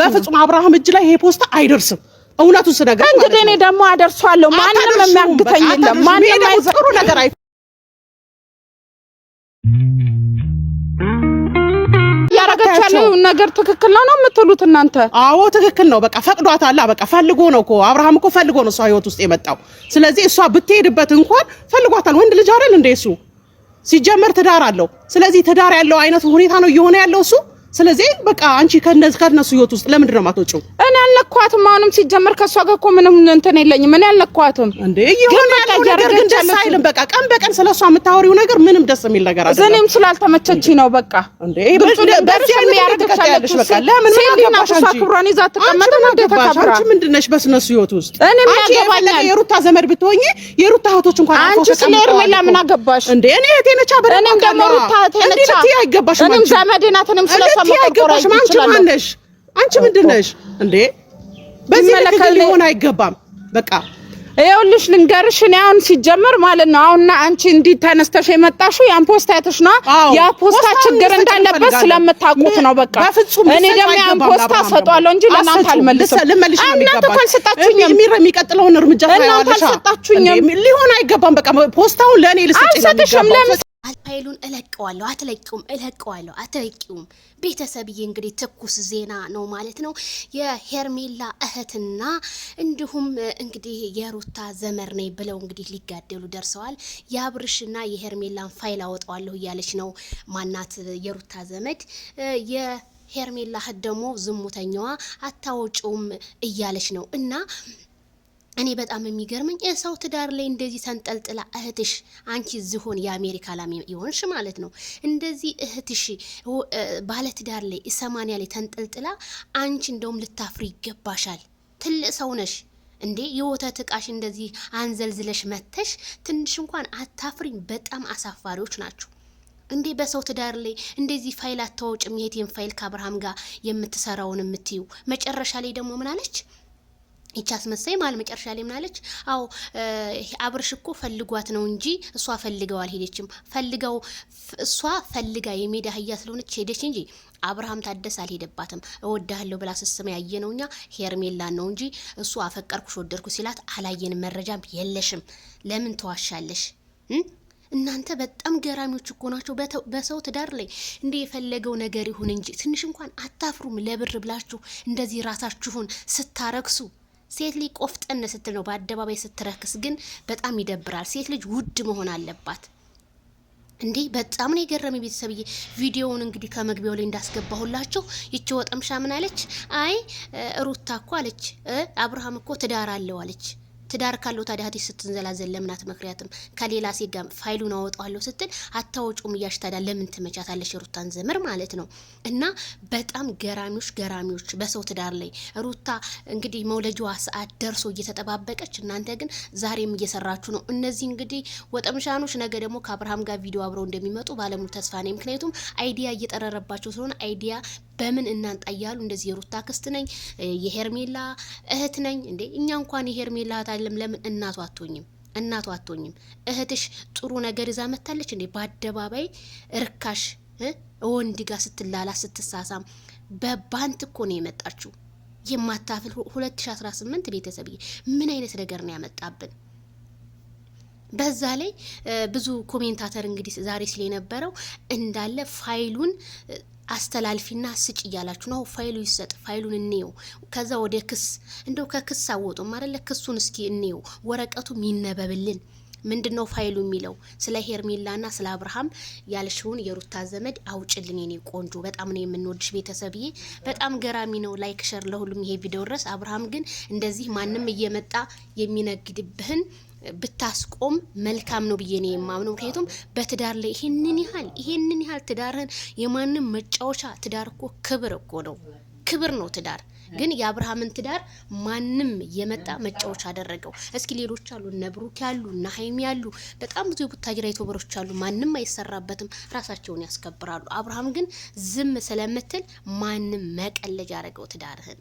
በፍጹም አብርሃም እጅ ላይ ይሄ ፖስታ አይደርስም። እውነቱን ስነግር እንግዲህ እኔ ደግሞ አደርሷለሁ። ማንም የሚያግተኝ የለም። ማንም ጥሩ ነገር አይ ያረገቻለሁ ነገር ትክክል ነው ነው የምትሉት እናንተ? አዎ ትክክል ነው። በቃ ፈቅዷት አለ። በቃ ፈልጎ ነው እኮ አብርሃም እኮ ፈልጎ ነው እሷ ህይወት ውስጥ የመጣው። ስለዚህ እሷ ብትሄድበት እንኳን ፈልጓታል። ወንድ ልጅ አይደል እንደ እሱ ሲጀመር ትዳር አለው። ስለዚህ ትዳር ያለው አይነት ሁኔታ ነው እየሆነ ያለው እሱ ስለዚህ በቃ አንቺ ከነሱ ህይወት ውስጥ ለምንድን ነው የማትወጪው? አልነኳትም። አሁንም ሲጀመር ከእሷ ጋር እኮ ምንም እንትን የለኝም። እኔ አልነኳትም። ነገር ግን ደስ አይልም። በቃ ቀን በቀን ስለሷ እሷ የምታወሪው ነገር ምንም ደስ የሚል ነገር አይደለም። እኔም ስላልተመቸች ነው። በቃ እንዴ። በቃ ለምን ምን ክብሯን ይዛ አትቀመጥም። አንቺ ምንድን ነሽ በስነሱ ህይወት ውስጥ? እኔም ያገባኛል። የሩታ ዘመድ ብትሆኚ የሩታ እህቶች እንኳን አንቺ ስለ ሄርሜላ ምን አገባሽ እንዴ? እኔ እህቴ ነች። እኔም ደግሞ ሩታ እህቴ ነች። አይገባሽም። እኔም ዘመዴ ናት። እኔም ስለሷ መቆርቆር አይችልም። አንቺ ማን አንቺ ምንድን ነሽ እንዴ? በዚህ ልክ ሊሆን አይገባም። በቃ ይኸውልሽ ልንገርሽ፣ እኔ አሁን ሲጀመር ማለት ነው አሁንና አንቺ እንዲህ ተነስተሽ የመጣሽው ያን ፖስት አይተሽ ነዋ። ያ ፖስታ ችግር እንዳለበት ስለምታውቁት ነው። በቃ እኔ ደግሞ ያን ፖስታ ሰጧለሁ እንጂ ለእናንተ አልመልስም። እናንተ ካልሰጣችሁኝም የሚቀጥለውን እርምጃ እናንተ አልሰጣችሁኝም፣ ሊሆን አይገባም። በቃ ፖስታውን ለእኔ ልስጭ አልሰጥሽም። ለምን አልፋይሉን እለቀዋለሁ። አትለቂውም፣ እለቀዋለሁ፣ አትለቂውም። ቤተሰብዬ እንግዲህ ትኩስ ዜና ነው ማለት ነው። የሄርሜላ እህትና እንዲሁም እንግዲህ የሩታ ዘመር ነኝ ብለው እንግዲህ ሊጋደሉ ደርሰዋል። የአብርሽና የሄርሜላን ፋይል አወጣዋለሁ እያለች ነው ማናት የሩታ ዘመድ ሄርሜላ ደግሞ ዝሙተኛዋ አታወጪውም እያለች ነው እና እኔ በጣም የሚገርመኝ የሰው ትዳር ላይ እንደዚህ ተንጠልጥላ እህትሽ አንቺ ዝሆን የአሜሪካ ላሚ የሆንሽ ማለት ነው። እንደዚህ እህትሽ ባለ ትዳር ላይ ሰማንያ ላይ ተንጠልጥላ አንቺ እንደውም ልታፍሪ ይገባሻል። ትልቅ ሰው ነሽ እንዴ! የወተት እቃሽ እንደዚህ አንዘልዝለሽ መተሽ ትንሽ እንኳን አታፍሪኝ? በጣም አሳፋሪዎች ናቸው። እንዴ በሰው ትዳር ላይ እንደዚህ ፋይል አታወጭም። የእህቴን ፋይል ከአብርሃም ጋር የምትሰራውን የምትዩ መጨረሻ ላይ ደግሞ ምናለች? ይቻ አስመሳይ መሀል መጨረሻ ላይ ምናለች? አዎ አብርሽ እኮ ፈልጓት ነው እንጂ እሷ ፈልገው አልሄደችም። ፈልገው እሷ ፈልጋ የሜዳ አህያ ስለሆነች ሄደች እንጂ አብርሃም ታደስ አልሄደባትም። እወዳለሁ ብላ ስስማ ያየ ነው እኛ ሄርሜላን ነው እንጂ እሱ አፈቀርኩሽ ወደድኩ ሲላት አላየንም። መረጃም የለሽም። ለምን ተዋሻለሽ? እናንተ በጣም ገራሚዎች እኮ ናቸው። በሰው ትዳር ላይ እንደ የፈለገው ነገር ይሁን እንጂ ትንሽ እንኳን አታፍሩም? ለብር ብላችሁ እንደዚህ ራሳችሁን ስታረክሱ ሴት ልጅ ቆፍጠን ስትል ነው በአደባባይ ስትረክስ፣ ግን በጣም ይደብራል። ሴት ልጅ ውድ መሆን አለባት። እንዴ በጣም ነው የገረመኝ ቤተሰብዬ። ቪዲዮውን እንግዲህ ከመግቢያው ላይ እንዳስገባሁላችሁ ይቺ ወጠምሻ ምን አለች? አይ ሩታ እኮ አለች አብርሃም እኮ ትዳር አለው አለች። ትዳር ካለው ታዲያ እህትሽ ስትንዘላዘል ለምን አትመክሪያትም? ከሌላ ሴት ጋር ፋይሉን አወጣዋለሁ ስትል አታወጪውም እያልሽ ታዲያ ለምን ትመቻታለሽ? ሩታን ዘመር ማለት ነው። እና በጣም ገራሚዎች ገራሚዎች በሰው ትዳር ላይ ሩታ እንግዲህ መውለጃዋ ሰዓት ደርሶ እየተጠባበቀች፣ እናንተ ግን ዛሬም እየሰራችሁ ነው። እነዚህ እንግዲህ ወጠምሻኖች ነገ ደግሞ ከአብርሃም ጋር ቪዲዮ አብረው እንደሚመጡ ባለሙሉ ተስፋ ነኝ። ምክንያቱም አይዲያ እየጠረረባቸው ስለሆነ አይዲያ በምን እናንጣ እያሉ እንደዚህ የሩታ ክስት ነኝ የሄርሜላ እህት ነኝ እንዴ እኛ እንኳን የሄርሜላ እህት አለም ለምን እናቷ አትሆኝም እናቷ አትሆኝም እህትሽ ጥሩ ነገር ይዛ መታለች እንዴ በአደባባይ ርካሽ ወንድ ጋር ስትላላ ስትሳሳም በባንት እኮ ነው የመጣችው የማታፍል 2018 ቤተሰብዬ ምን አይነት ነገር ነው ያመጣብን በዛ ላይ ብዙ ኮሜንታተር እንግዲህ ዛሬ ሲል የነበረው እንዳለ ፋይሉን አስተላልፊና ስጭ እያላችሁ ነው። ፋይሉ ይሰጥ፣ ፋይሉን እንየው፣ ከዛ ወደ ክስ እንደው ከክስ አወጡም አደለ? ክሱን እስኪ እንየው፣ ወረቀቱም ይነበብልን። ምንድን ነው ፋይሉ የሚለው? ስለ ሄርሜላና ስለ አብርሃም ያልሽውን የሩታ ዘመድ አውጭልን። የኔ ቆንጆ በጣም ነው የምንወድሽ ቤተሰብዬ። በጣም ገራሚ ነው። ላይክ ሸር ለሁሉም ይሄ ቪዲዮ ድረስ። አብርሃም ግን እንደዚህ ማንም እየመጣ የሚነግድብህን ብታስቆም መልካም ነው ብዬ ነው የማምነው። ምክንያቱም በትዳር ላይ ይሄንን ያህል ይሄንን ያህል ትዳርህን የማንም መጫወቻ ትዳር እኮ ክብር እኮ ነው፣ ክብር ነው ትዳር። ግን የአብርሃምን ትዳር ማንም የመጣ መጫወቻ አደረገው። እስኪ ሌሎች አሉ፣ ነብሩክ ያሉ፣ ናሀይም ያሉ፣ በጣም ብዙ የቡታጅራ ዩቱበሮች አሉ። ማንም አይሰራበትም፣ ራሳቸውን ያስከብራሉ። አብርሃም ግን ዝም ስለምትል ማንም መቀለጃ አደረገው ትዳርህን።